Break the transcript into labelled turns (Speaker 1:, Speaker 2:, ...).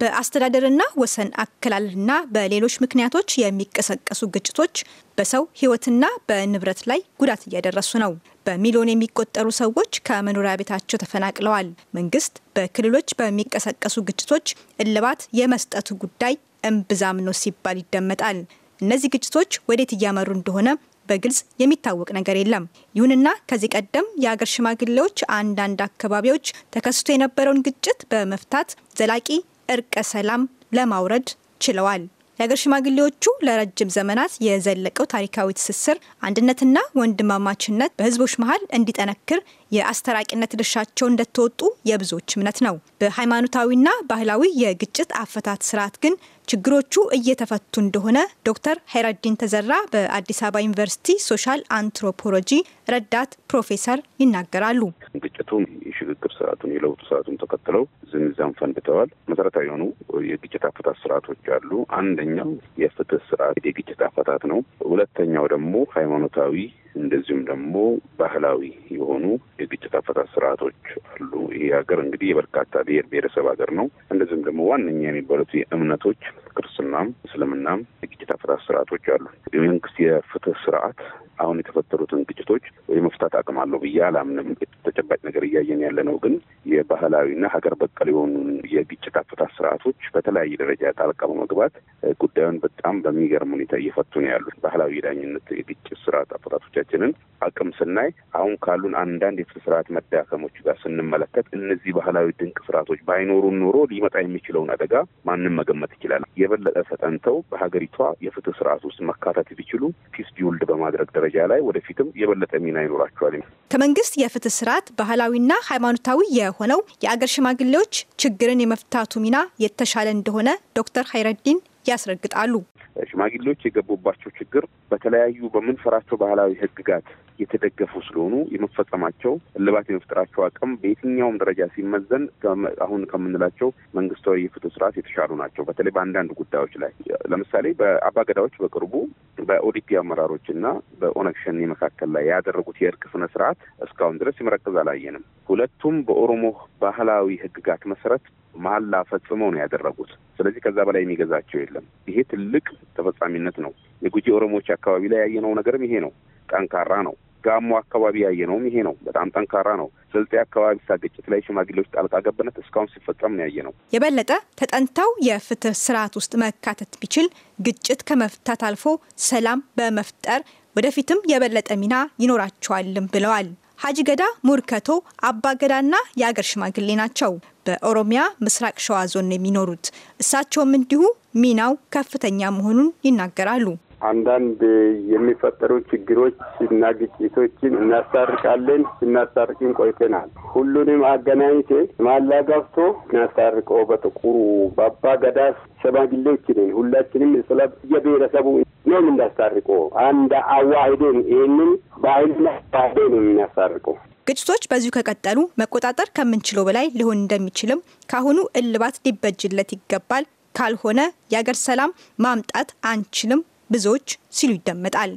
Speaker 1: በአስተዳደርና ወሰን አከላልና በሌሎች ምክንያቶች የሚቀሰቀሱ ግጭቶች በሰው ህይወትና በንብረት ላይ ጉዳት እያደረሱ ነው። በሚሊዮን የሚቆጠሩ ሰዎች ከመኖሪያ ቤታቸው ተፈናቅለዋል። መንግስት በክልሎች በሚቀሰቀሱ ግጭቶች እልባት የመስጠቱ ጉዳይ እምብዛም ነው ሲባል ይደመጣል። እነዚህ ግጭቶች ወዴት እያመሩ እንደሆነ በግልጽ የሚታወቅ ነገር የለም። ይሁንና ከዚህ ቀደም የአገር ሽማግሌዎች አንዳንድ አካባቢዎች ተከስቶ የነበረውን ግጭት በመፍታት ዘላቂ እርቀ ሰላም ለማውረድ ችለዋል። የአገር ሽማግሌዎቹ ለረጅም ዘመናት የዘለቀው ታሪካዊ ትስስር አንድነትና ወንድማማችነት በህዝቦች መሀል እንዲጠነክር የአስተራቂነት ድርሻቸው እንደተወጡ የብዙዎች እምነት ነው። በሃይማኖታዊና ባህላዊ የግጭት አፈታት ስርዓት ግን ችግሮቹ እየተፈቱ እንደሆነ ዶክተር ሀይረዲን ተዘራ በአዲስ አበባ ዩኒቨርሲቲ ሶሻል አንትሮፖሎጂ ረዳት ፕሮፌሰር ይናገራሉ።
Speaker 2: ግጭቱ የሽግግር ስርዓቱን የለውጡ ስርዓቱን ተከትለው ዝምዛም ፈንድተዋል። መሰረታዊ የሆኑ የግጭት አፈታት ስርዓቶች አሉ። አንደኛው የፍትህ ስርዓት የግጭት አፈታት ነው። ሁለተኛው ደግሞ ሃይማኖታዊ እንደዚሁም ደግሞ ባህላዊ የሆኑ የግጭት አፈታት ስርዓቶች አሉ። ይሄ ሀገር እንግዲህ የበርካታ ብሔር ብሔረሰብ ሀገር ነው። እንደዚሁም ደግሞ ዋነኛ የሚባሉት የእምነቶች ክርስትናም እስልምናም የግጭት አፈታት ስርዓቶች አሉ። የመንግስት የፍትህ ስርዓት አሁን የተፈጠሩትን ግጭቶች የመፍታት አቅም አለው ብዬ አላምንም። ተጨባጭ ነገር እያየን ያለ ነው። ግን የባህላዊና ሀገር በቀል የሆኑ የግጭት አፈታት ስርዓቶች በተለያየ ደረጃ ጣልቃ በመግባት ጉዳዩን በጣም በሚገርም ሁኔታ እየፈቱ ነው ያሉት። ባህላዊ የዳኝነት የግጭት ስርዓት አፈታቶቻችንን አቅም ስናይ አሁን ካሉን አንዳንድ የፍትህ ስርዓት መዳከሞች ጋር ስንመለከት እነዚህ ባህላዊ ድንቅ ስርዓቶች ባይኖሩን ኖሮ ሊመጣ የሚችለውን አደጋ ማንም መገመት ይችላል። የበለጠ ተጠንተው በሀገሪቷ የፍትህ ስርዓት ውስጥ መካተት ቢችሉ ፒስ ቢውልድ በማድረግ ደረጃ ላይ ወደፊትም የበለጠ ሚና ይኖራቸዋል።
Speaker 1: ከመንግስት የፍትህ ስርዓት ባህላዊና ሃይማኖታዊ የሆነው የአገር ሽማግሌዎች ችግርን የመፍታቱ ሚና የተሻለ እንደሆነ ዶክተር ሀይረዲን ያስረግጣሉ።
Speaker 2: ሽማግሌዎች የገቡባቸው ችግር በተለያዩ በምንፈራቸው ባህላዊ ህግጋት የተደገፉ ስለሆኑ የመፈጸማቸው እልባት የመፍጠራቸው አቅም በየትኛውም ደረጃ ሲመዘን አሁን ከምንላቸው መንግስታዊ የፍትህ ስርዓት የተሻሉ ናቸው። በተለይ በአንዳንድ ጉዳዮች ላይ ለምሳሌ በአባገዳዎች በቅርቡ በኦዲፒ አመራሮች እና በኦነግ ሸኔ መካከል ላይ ያደረጉት የእርቅ ስነ ስርዓት እስካሁን ድረስ ይመረቅዝ አላየንም። ሁለቱም በኦሮሞ ባህላዊ ህግጋት መሰረት መሀላ ፈጽመው ነው ያደረጉት። ስለዚህ ከዛ በላይ የሚገዛቸው የለም። ይሄ ትልቅ ተፈጻሚነት ነው። የጉጂ ኦሮሞዎች አካባቢ ላይ ያየነው ነገርም ይሄ ነው። ጠንካራ ነው። ጋሞ አካባቢ ያየነውም ይሄ ነው። በጣም ጠንካራ ነው። ስልጤ አካባቢ ሳ ግጭት ላይ ሽማግሌዎች ጣልቃ ገብነት እስካሁን ሲፈጸም ነው ያየ ነው።
Speaker 1: የበለጠ ተጠንተው የፍትህ ስርዓት ውስጥ መካተት ቢችል ግጭት ከመፍታት አልፎ ሰላም በመፍጠር ወደፊትም የበለጠ ሚና ይኖራቸዋልም ብለዋል። ሀጂ ገዳ ሙርከቶ አባገዳና የአገር ሽማግሌ ናቸው። በኦሮሚያ ምስራቅ ሸዋ ዞን የሚኖሩት እሳቸውም እንዲሁ ሚናው ከፍተኛ መሆኑን ይናገራሉ።
Speaker 2: አንዳንድ የሚፈጠሩ ችግሮች እና ግጭቶችን እናስታርቃለን። እናስታርቅን ቆይተናል። ሁሉንም አገናኝቴ ማላ ገብቶ እናስታርቀው በጥቁሩ በአባ ገዳስ ሸማግሌዎች ነን። ሁላችንም ስለ የብሔረሰቡ ነው የምናስታርቀው። አንድ አዋሂደን ይህንን ባህልና አዋሂደ ነው የምናስታርቀው። ግጭቶች
Speaker 1: በዚሁ ከቀጠሉ መቆጣጠር ከምንችለው በላይ ሊሆን እንደሚችልም ከአሁኑ እልባት ሊበጅለት ይገባል። ካልሆነ የአገር ሰላም ማምጣት አንችልም ብዙዎች ሲሉ ይደመጣል።